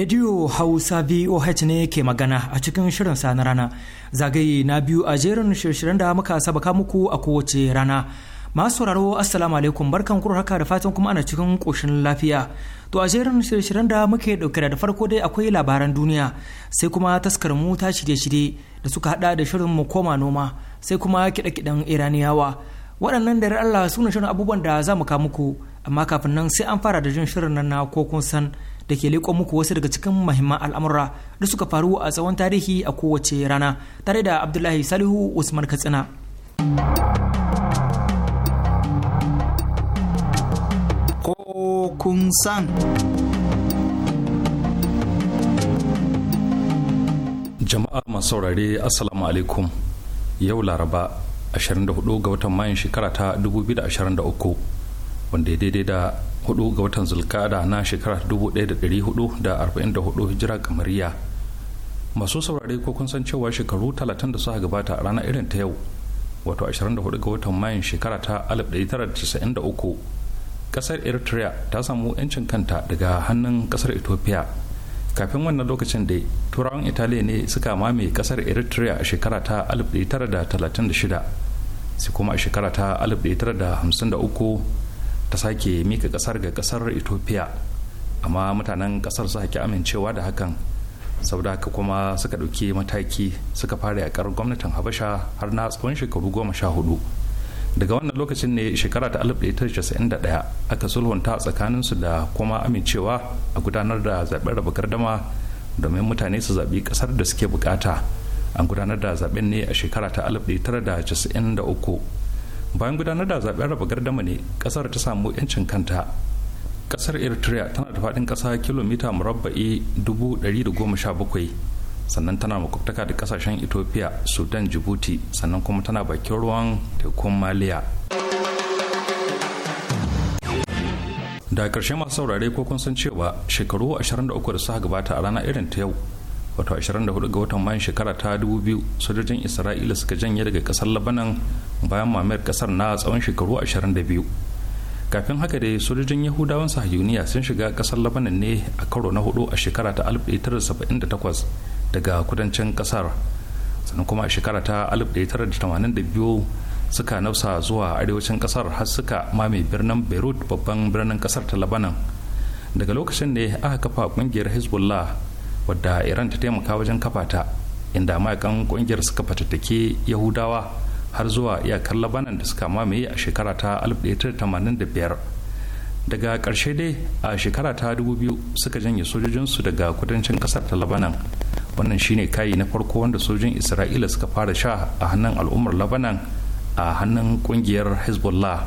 Radio Hausa VOH ne ke magana a cikin shirin sa na rana. Zagaye na biyu a jerin shirye-shiryen da muka sabaka muku a kowace rana. Masu sauraro Assalamu alaikum barkan kuro haka da fatan kuma ana cikin koshin lafiya. To a jerin shirye-shiryen da muke dauke da farko dai akwai labaran duniya sai kuma taskar mu ta shirye-shirye da suka hada da shirin mu koma noma sai kuma kiɗa kiɗan Iraniyawa. Waɗannan da Allah su ne shirin abubuwan da za mu muku amma kafin nan sai an fara da jin shirin nan na ko kun san da ke leƙo muku wasu daga cikin mahimman al'amura da suka faru a tsawon tarihi a kowace rana tare da Abdullahi Salihu Usman Katsina. san. Jama'a masu saurare Assalamu alaikum yau Laraba 24 ga watan mayan shekara ta 2023 wanda ya daidai da hudu ga watan zulkada na shekara 1444 hijira kamariya masu saurare ko kun san cewa shekaru 30 da suka gabata a ranar irin ta yau wato 24 ga watan mayun shekara ta 1993 kasar eritrea ta samu 'yancin kanta daga hannun kasar ethiopia kafin wannan lokacin da turawan italiya ne suka mame kasar eritrea a shekara ta 1936 sai kuma a shekara ta 1953 ta sake mika kasar ga kasar ethiopia amma mutanen kasar su haƙi amincewa da hakan saboda haka kuma suka ɗauki mataki suka fara yakar gwamnatin habasha har na tsawon shekaru goma sha hudu daga wannan lokacin ne shekara ta 1991 aka sulhunta tsakanin su da kuma amincewa a gudanar da zaben raba gardama domin mutane su zaɓi kasar da suke bukata an gudanar da zaben ne a shekara ta 1993 bayan gudanar da zaɓen raba gardama ne kasar ta samu 'yancin kanta ƙasar eritrea tana da faɗin ƙasa kilomita murabba'i dubu da goma sha bakwai sannan tana makwabtaka da ƙasashen ethiopia sudan djibouti sannan kuma tana bakin ruwan tekun maliya da ƙarshe masu saurare ko kun san cewa shekaru 23 da suka gabata a rana irin ta yau wato 24 ga watan mayan shekara ta 2000 sojojin isra'ila suka janye daga kasar labanan bayan mamayar kasar na tsawon shekaru 22 kafin haka dai sojojin yahudawan sahiyuniya sun shiga kasar labanan ne a karo na hudu a shekara ta 1978 daga kudancin kasar sannan kuma a shekara ta 1982 suka nausa zuwa arewacin kasar har suka mame birnin beirut babban birnin kasar ta labanan daga lokacin ne aka kafa kungiyar hezbollah wadda iran ta taimaka wajen kafa ta inda mayakan kungiyar suka fatattake yahudawa har zuwa iyakar labanan da suka mamaye a shekara ta 1985 daga ƙarshe dai a shekara ta 2000 suka janye sojojinsu daga kudancin kasar ta labanan wannan shine kayi na farko wanda sojin isra'ila suka fara sha a hannun al'ummar labanan a hannun kungiyar hezbollah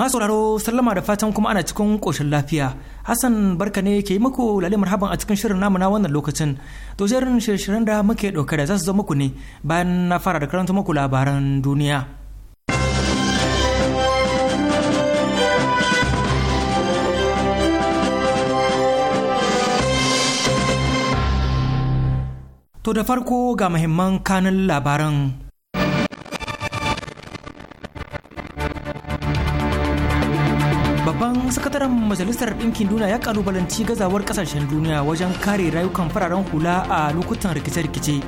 masu sauraro sallama da fatan kuma ana cikin koshin lafiya hassan barka ne ke yi muku lalle marhaban a cikin shirin namu na wannan lokacin to jerin shirye-shiryen da muke ɗauke da za su zo muku ne bayan na fara da karanta muku labaran duniya to da farko ga muhimman kanin labaran majalisar ɗinkin duniya ya kalubalanci gazawar kasashen duniya wajen kare rayukan fararen hula a lokutan rikice-rikice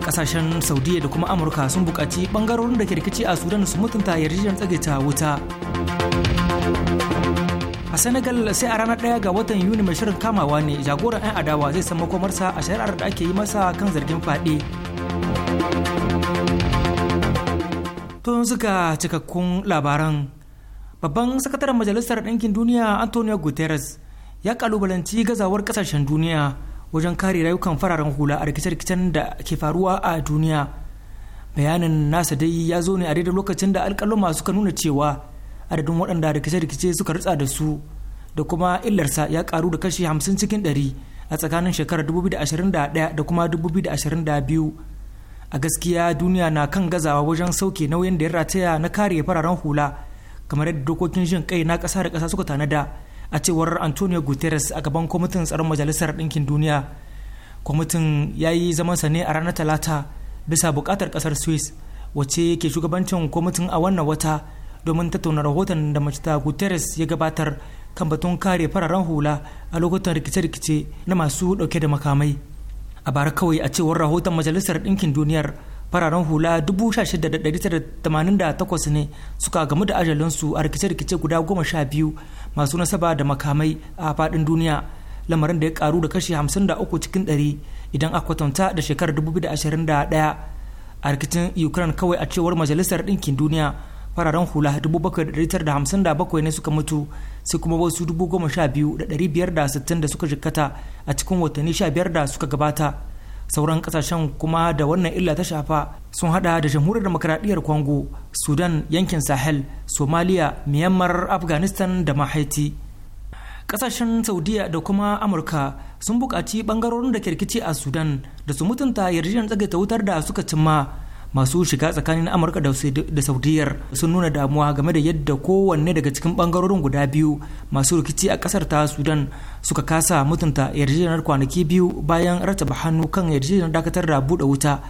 ƙasashen saudiya da kuma amurka sun buƙaci ɓangarorin da ke rikici a sudan su mutunta yarjejen tsagaita wuta a senegal sai a ranar ɗaya ga watan yuni mai shirin kamawa ne jagoran 'yan adawa zai san makomarsa a shari'ar da ake yi masa kan zargin fade tun suka cikakkun labaran babban sakataren majalisar ɗinkin duniya antonio guterres ya kalubalanci gazawar kasashen duniya wajen kare rayukan fararen hula a rikice-rikicen da ke faruwa a duniya bayanin nasa dai ya zo ne a daidai lokacin da alƙaluma suka nuna cewa adadin waɗanda rikice-rikice suka rutsa da su da kuma illarsa ya karu da kashi 50 cikin 100 a tsakanin shekarar 2021 da kuma 2022 a gaskiya duniya na kan gazawa wajen sauke nauyin da ya rataya na kare fararen hula kamar yadda dokokin jin kai na kasa da ƙasa suka tanada a cewar antonio guterres a gaban kwamitin tsaron majalisar ɗinkin duniya kwamitin ya yi zamansa ne a ranar talata bisa buƙatar ƙasar swiss wacce ke shugabancin kwamitin a wannan wata domin tattauna rahoton da macita guterres ya gabatar kan batun kare fararen hula a lokutan rikice-rikice na masu ɗauke da makamai a bara kawai a cewar rahoton majalisar ɗinkin duniyar fararen hula 16,988 ne suka gamu da ajalinsu a rikice-rikice guda goma sha biyu masu nasaba da makamai a faɗin duniya lamarin da ya karu da kashi 53 cikin 100 idan aka kwatanta da shekarar 2021 a rikicin ukraine kawai a cewar majalisar ɗinkin duniya fararen hula 7,957 ne suka mutu sai kuma wasu 12,560 da suka jikkata a cikin watanni 15 da suka gabata sauran kasashen kuma da wannan illa ta shafa sun hada da jamhuriyar demokradiyyar congo sudan yankin sahel somalia myanmar afghanistan da ma haiti kasashen saudiya da kuma amurka sun buƙaci ɓangarorin da kirkici a sudan da su mutunta yarjejeniyar tsagaita wutar da suka cimma masu shiga tsakanin amurka da saudiyar sun nuna damuwa game da yadda kowanne daga cikin bangarorin guda biyu masu rikici a kasar ta sudan suka kasa mutunta yarjejeniyar kwanaki biyu bayan rataba hannu kan yarjejeniyar dakatar da buɗe wuta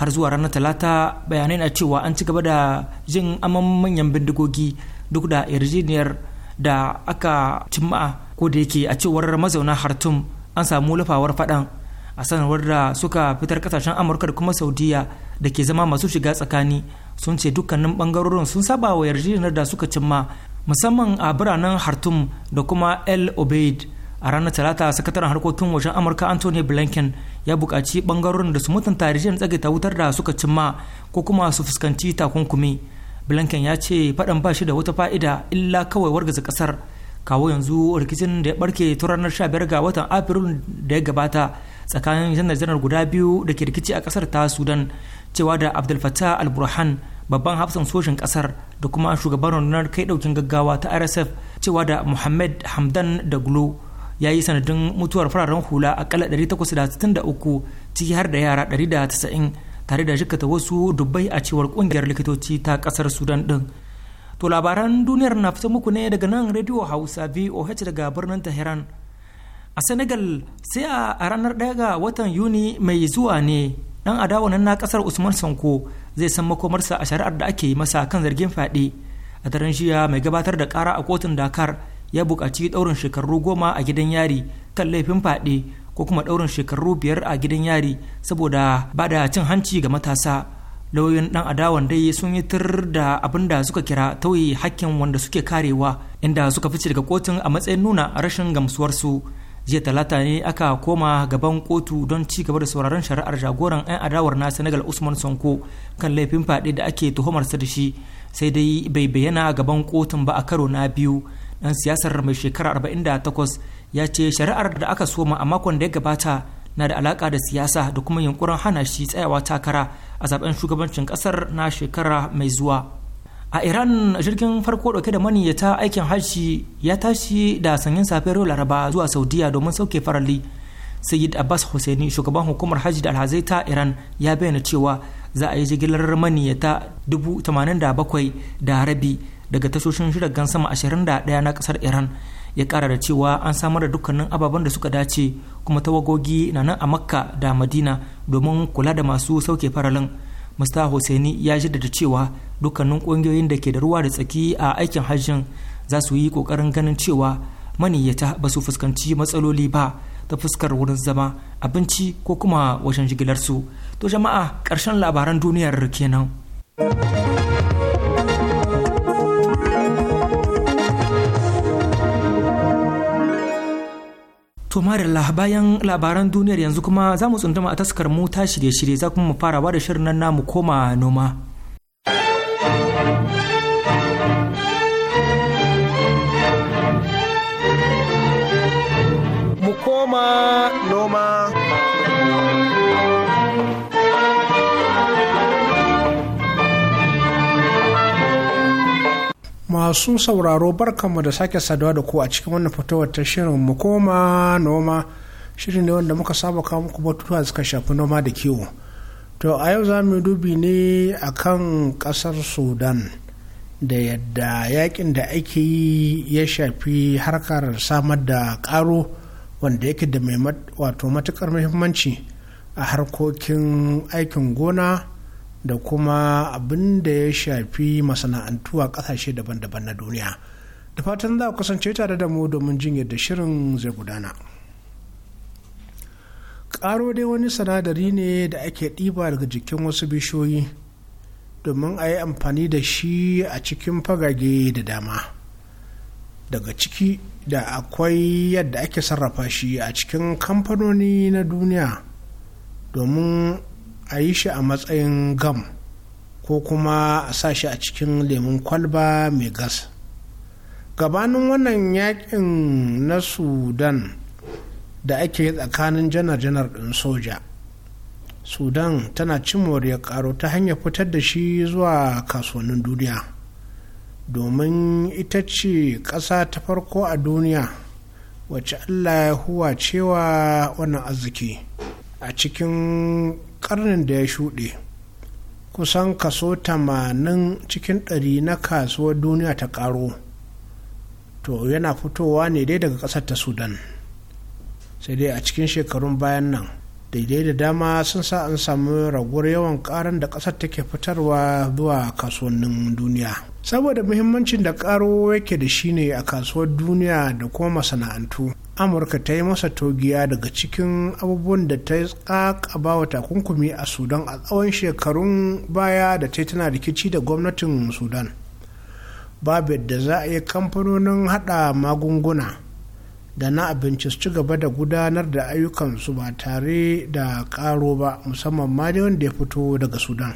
har zuwa ranar talata bayanai na cewa an ci gaba da jin aman manyan bindigogi duk da yarjejeniyar da aka cimma ko da yake a cewar mazauna hartum an samu lafawar faɗan a sanarwar da suka fitar kasashen amurka da kuma saudiya da ke zama masu shiga tsakani sun ce dukkanin bangarorin sun saba wa yarjejeniyar da suka cimma musamman a biranen hartum da kuma el obeid a ranar talata sakataren harkokin wajen amurka anthony blinken ya bukaci bangarorin da su mutunta yarjejeniyar tsagaita wutar da suka cimma ko kuma su fuskanci takunkumi blinken ya ce faɗan ba shi da wata fa'ida illa kawai wargaza kasar kawo yanzu rikicin da ya barke ta ranar 15 ga watan afrilu da ya gabata tsakanin janar janar guda biyu da ke rikici a kasar ta sudan cewa da abdul fattah al-burhan babban hafsan soshin kasar da kuma shugaban rundunar kai daukin gaggawa ta rsf cewa da muhammad hamdan da glo. ya yi sanadin mutuwar fararen hula akalla 863 ciki har da yara da 190 tare da jikata wasu dubbai a cewar kungiyar likitoci ta kasar sudan din To labaran duniyar na fita muku ne daga nan Radio Hausa VOH daga birnin Tehran. a senegal sai a ranar 1 ga watan yuni mai zuwa ne dan adawa na kasar usman sanko zai san makomarsa a shari'ar da ake yi masa kan zargin fyaɗe a daren jiya mai gabatar da kara a kotun dakar ya buƙaci ɗaurin shekaru goma a gidan yari kan laifin fyaɗe ko kuma ɗaurin shekaru biyar a gidan yari saboda ba da cin hanci ga matasa lauyoyin dan adawan dai sun yi tur da abin da suka kira tauye hakkin wanda suke karewa inda suka fice daga kotun a matsayin nuna rashin gamsuwarsu jiya talata ne aka koma gaban kotu don ci gaba da sauraron shari'ar jagoran 'yan adawar na senegal usman sonko kan laifin fyaɗe da ake tuhumar sa da shi sai dai bai bayyana gaban kotun ba a karo na biyu dan siyasar mai shekara arba'in da takwas ya ce shari'ar da aka soma a makon da ya gabata na da alaka da siyasa da kuma yunkurin hana shi tsayawa takara a zaben shugabancin kasar na shekara mai zuwa a iran jirgin farko dauke da maniyyata aikin hajji ya tashi da sanyin safiyar laraba zuwa saudiya domin sauke farali sayyid abbas hussaini shugaban hukumar hajji da alhazai ta iran ya bayyana cewa za a yi jigilar maniyyata 87,000 da rabi daga tashoshin jiragen sama 21 na kasar iran ya kara da cewa an samar da dukkanin ababen da suka dace kuma tawagogi na nan a makka da madina domin kula da masu sauke faralin musta hussaini ya jaddada cewa dukkanin kungiyoyin da ke da ruwa da tsaki a aikin hajjin za su yi kokarin ganin cewa maniyyata ba su fuskanci matsaloli ba ta fuskar wurin zama abinci ko kuma wajen jigilarsu to jama'a ƙarshen labaran duniyar kenan. To bayan labaran duniyar yanzu kuma za mu tsunduma a taskar mu ta shirye-shirye za kuma mu farawa da shirin nan namu koma noma. masu sauraro barkanmu da sake saduwa da ku a cikin wannan fitowar ta shirin mu koma noma shirin ne wanda muka saba kawo muku batutuwa suka shafi noma da kiwo to a yau za mu dubi ne a kan kasar sudan da yadda yakin da ake yi ya shafi harkar samar da karo wanda yake da mai wato matukar muhimmanci a harkokin aikin gona da kuma abin da ya shafi masana'antu a kasashe daban-daban na duniya da fatan za ku kasance tare da mu domin jin yadda shirin zai gudana Karo dai wani sanadari ne da ake ɗiba daga jikin wasu bishiyoyi domin a yi amfani da shi a cikin fagage da dama daga ciki da akwai yadda ake sarrafa shi a cikin kamfanoni na duniya domin a yi shi a matsayin gam ko kuma a sa shi a cikin lemun kwalba mai gas gabanin wannan yakin na sudan da ake yi tsakanin janar-janar ɗin soja sudan tana cin ya karo ta hanyar fitar da shi zuwa kasuwannin duniya domin ita ce ƙasa ta farko a duniya wacce Allah ya huwa cewa wannan arziki a cikin karnin da ya shuɗe kusan kaso 80 cikin ɗari na kasuwar duniya ta ƙaro to yana fitowa ne dai daga ƙasar ta sudan sai dai a cikin shekarun bayan nan daidai da dama sun sa an samu raguwar yawan ƙarin da ƙasar take fitarwa zuwa kasuwannin duniya saboda muhimmancin da ƙaro yake da shi ne a kasuwar duniya da kuma masana'antu amurka ta yi masa togiya daga cikin abubuwan da ta yi a bawa takunkumi a sudan a tsawon shekarun baya da ta tana rikici da gwamnatin sudan babu yadda za a yi kamfanonin hada magunguna da na abinci su ci gaba da gudanar da ayyukansu ba tare da karo ba musamman ma da wanda ya fito daga sudan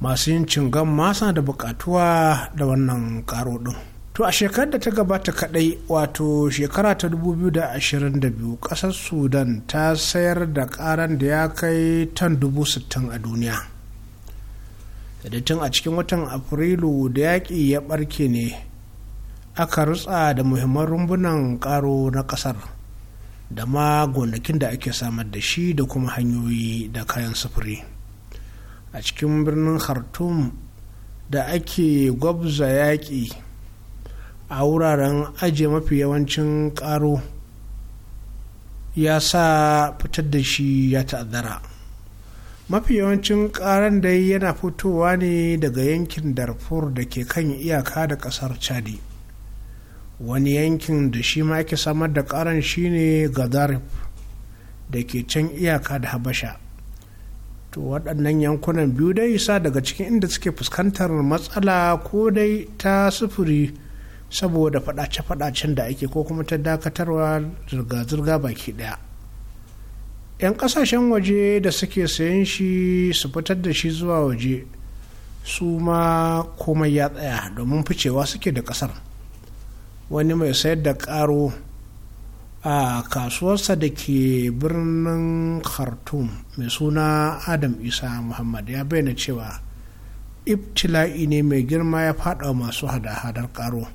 masu yin cin gamma suna da bukatuwa da wannan karo ɗin. to a shekarar da ta gabata kadai wato shekara ta 2022 kasar sudan ta sayar da karan da ya kai tan 60,000 a duniya tun a cikin watan afrilu da yaƙi ya ɓarke ne aka rutsa da muhimman rumbunan ƙaro na ƙasar da ma gonakin da ake samar da shi da kuma hanyoyi da kayan sufuri a cikin birnin khartoum da ake gwabza yaƙi a wuraren ajiye mafi yawancin karo ya sa fitar da shi ya ta'azzara mafi yawancin karan da yana fitowa ne daga yankin darfur da ke kan iyaka da kasar chadi wani yankin da shi ma ake samar da karan shine gadarif da ke can iyaka da habasha to waɗannan yankunan biyu dai sa daga cikin inda suke fuskantar matsala ko dai ta sufuri saboda faɗace-faɗacen da ake ko kuma ta dakatarwa zirga-zirga baki ɗaya yan ƙasashen waje da suke sayan shi su fitar da shi zuwa waje su ma komai ya tsaya domin ficewa suke da ƙasar wani mai sayar da ƙaro a kasuwarsa da ke birnin khartoum mai suna adam isa muhammad ya bayyana cewa ibtila'i ne mai girma ya fada masu hada-hadar karo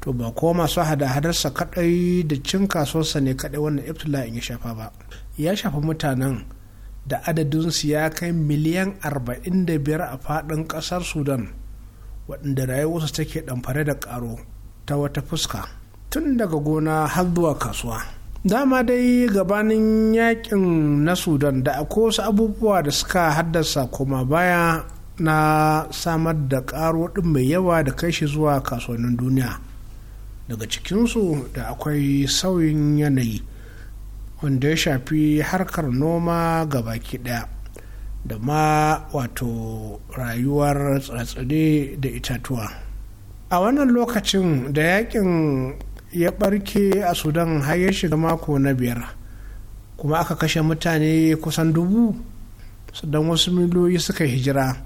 to ba ko masu hada-hadarsa kadai da cin kasuwarsa ne kadai wannan in ya shafa ba ya shafa mutanen da adadin su ya kai miliyan 45 a faɗin ƙasar sudan waɗanda rayuwarsu take ɗanfare da ƙaro ta wata fuska tun daga gona har zuwa kasuwa dama dai gabanin yakin na sudan da akwai wasu abubuwa da suka haddasa koma baya na samar da ƙaro ɗin mai yawa da kai shi zuwa kasuwannin duniya daga cikinsu da akwai sauyin yanayi wanda ya shafi harkar noma ga baki ɗaya da ma wato rayuwar tsatsade da itatuwa a wannan lokacin da yakin ya barke a sudan har ya shiga mako na biyar kuma aka kashe mutane kusan dubu don wasu miliyoyi suka hijira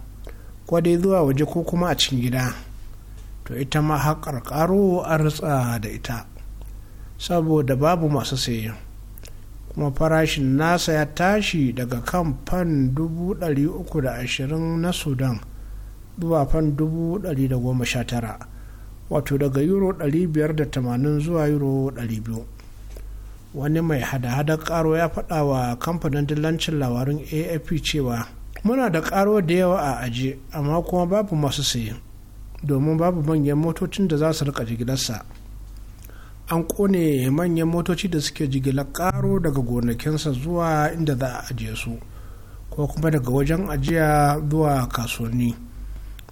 ko dai zuwa waje ko kuma a cikin gida to ita ma haƙar ƙaro a ritsa da ita saboda babu masu saye kuma farashin nasa ya tashi daga kan fan 320 na sudan zuwa fan 119 wato daga euro 580 zuwa euro 200 wani mai hada-hada karo ya faɗa wa kamfanin dillancin labarin afp cewa muna da karo da yawa a aje amma kuma babu masu saye domin babu manyan motocin da za su rika jigilarsa an kone manyan motoci da suke jigilar karo daga gonakinsa zuwa inda za a ajiye su ko kuma daga wajen ajiya zuwa kasuwanni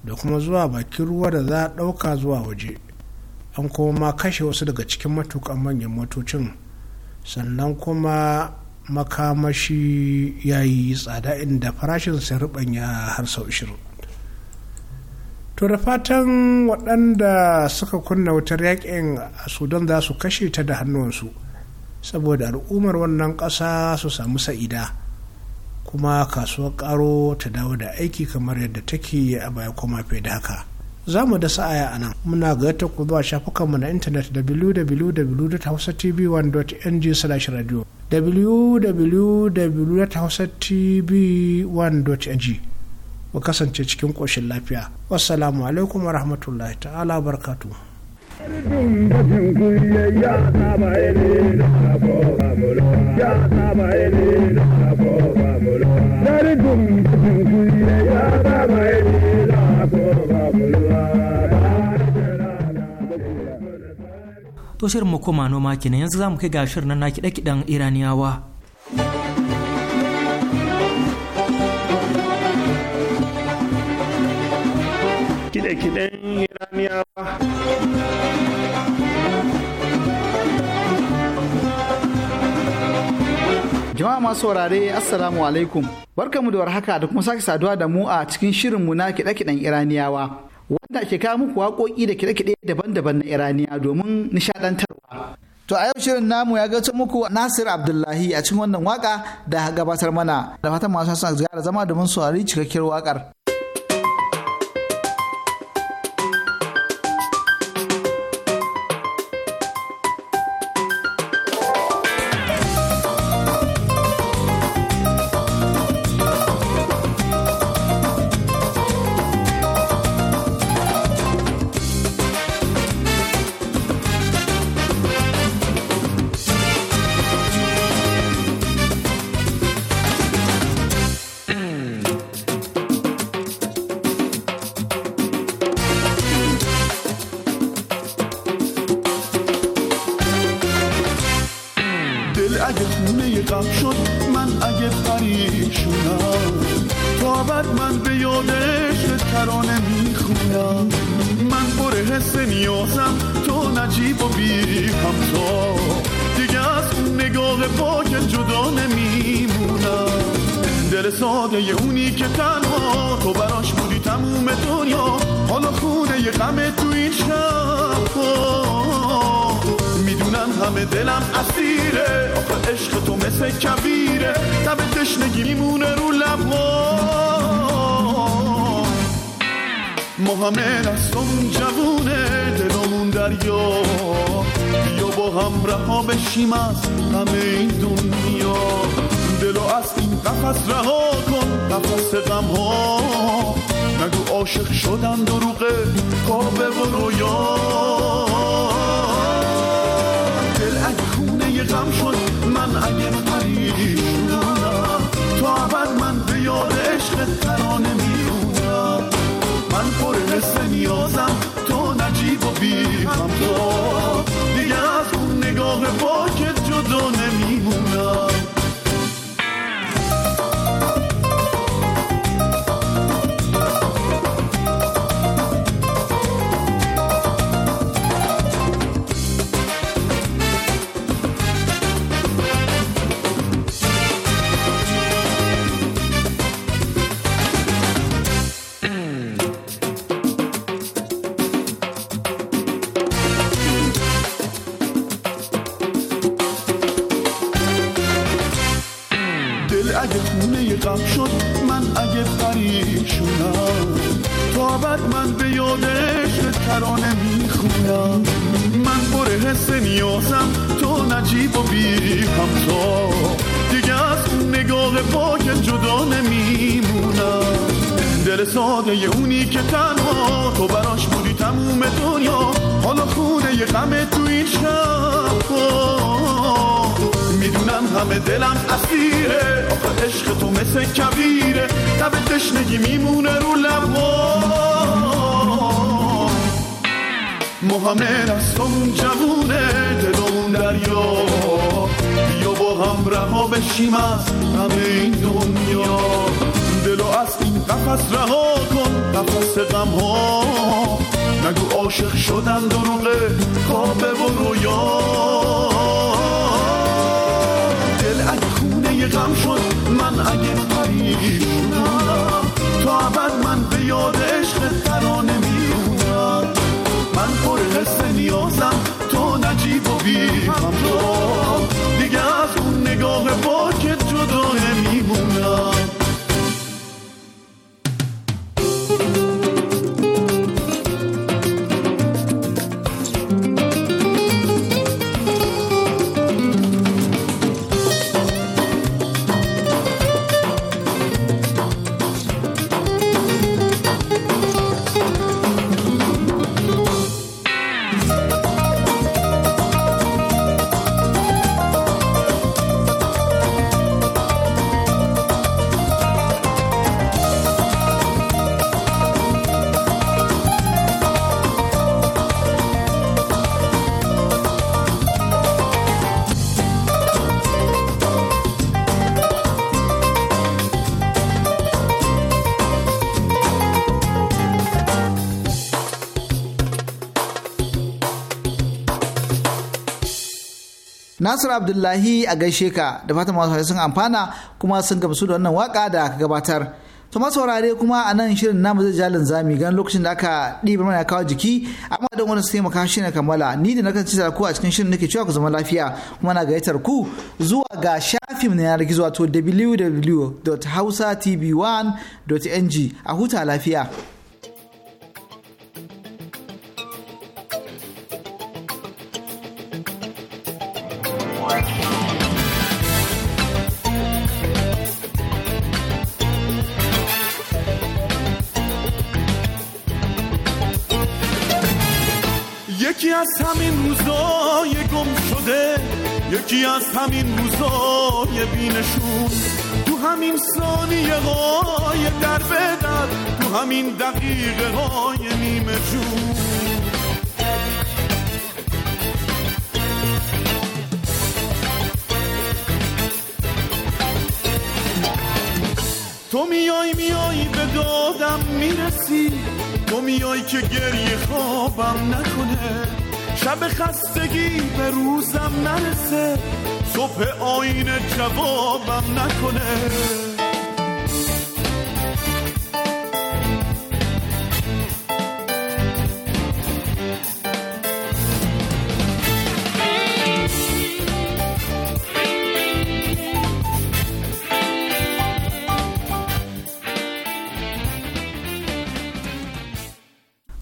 da kuma zuwa bakin ruwa da za a ɗauka zuwa waje an kuma ma kashe wasu daga cikin matukan manyan motocin sannan kuma makamashi ya yi tsada inda farashin sai har sau 20 to da fatan waɗanda suka kunna wutar yakin a sudan za su kashe ta da hannuwansu saboda al'ummar wannan ƙasa su samu sa'ida kuma kasuwar ƙaro ta dawo da aiki kamar yadda take a baya kuma fai da haka za mu da sa'aya a nan muna gayyata ku zuwa shafukanmu na intanet www.hausatv1.ng slash radio www.hausatv1.ng mu kasance cikin ƙoshin lafiya wassalamu alaikum wa rahmatullahi ta'ala barkatu To shirin mu koma noma kenan yanzu za mu kai ga shirin na kiɗe-kiɗen Iraniyawa. kiɗan iraniyawa jama'a masu wurare assalamu alaikum mu da warhaka da kuma sake saduwa da mu a cikin shirinmu na kiɗe-kiɗen iraniyawa wanda ke kawo muku waƙoƙi da kiɗe-kiɗe daban-daban na iraniya domin nishaɗantarwa to a yau shirin namu ya gaci muku nasir abdullahi a cikin wannan waƙa da gabatar mana da fatan masu sa zama domin saurari cikakkiyar waƙar. دل ساده اونی که تنها تو براش بودی تموم دنیا حالا خونه یه غمه تو این شب میدونم همه دلم اسیره آخه عشق تو مثل کبیره تب تشنگی میمونه رو لبا ما همه دستمون جوونه دلمون دریا بیا با هم رها بشیم از همه این دنیا دلو از این نفس رها کن نفس غم ها نگو عاشق شدن دروغه کابه و رویان خونه اونی که تنها تو براش بودی تموم دنیا حالا خونه ی غمه تو این شب میدونم همه دلم اسیره آخه عشق تو مثل کبیره تب تشنگی میمونه رو لبا محمد از تو اون جوونه دلون دریا بیا با هم رها بشیم از همه این دنیا دلو از این قفص رها کن قفص غم ها نگو عاشق شدم دروغه خوابه و رویا دل اگه خونه غم شد من اگه پریشونم تا عبد من به یاد عشق ترا نمیمونم من پر حس نیازم تو نجیب و بیهم دیگه از اون نگاه پاک Nasir Abdullahi a gaishe ka da fatan masu sun amfana kuma sun gamsu da wannan waka da aka gabatar. To masu saurare kuma a nan shirin namu zai jalin zami gan lokacin da aka ɗiba mana kawo jiki amma don wani su taimaka shi na kammala ni da nakan ci ku a cikin shirin nake cewa ku zama lafiya kuma na gayyatar ku zuwa ga shafin na yanar gizo wato www.hausatv1.ng a huta lafiya. یکی از همین روزای بینشون تو همین ثانیه های در بدر تو همین دقیقه های نیمه جون تو میای میای به دادم میرسی تو میای که گریه خوابم نکنه شب خستگی به روزم نرسه صبح آینه جوابم نکنه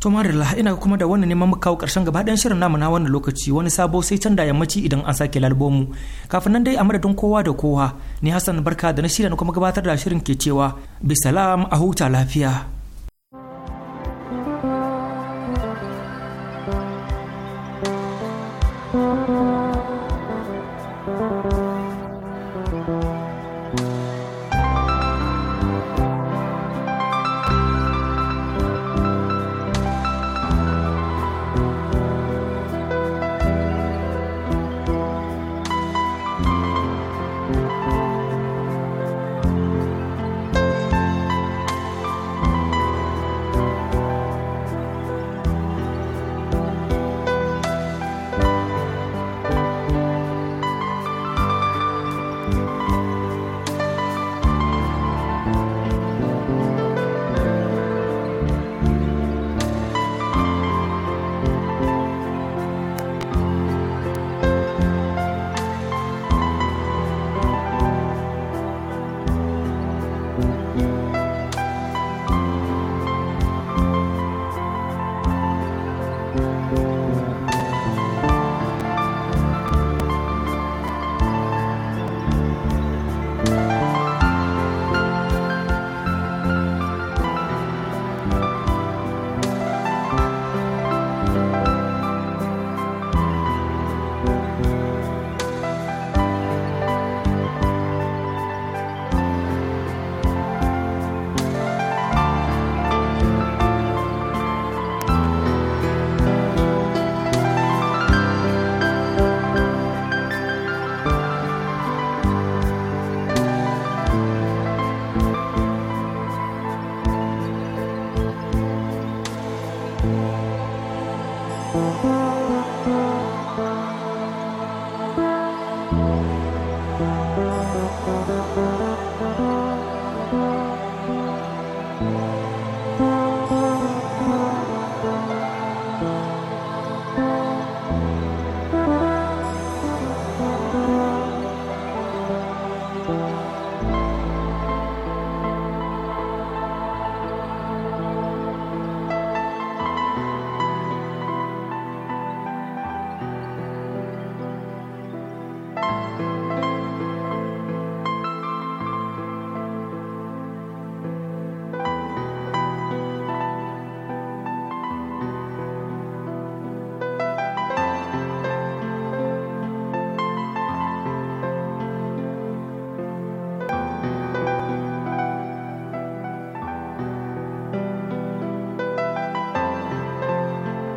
to marilla ina kuma da wannan neman kawo karshen gaba shirin namu na wannan lokaci wani sabo sai can da yammaci idan an sake lalbomu kafin nan dai a madadin kowa da kowa ni hassan barka da na shirya na kuma gabatar da shirin ke cewa bisalam a huta lafiya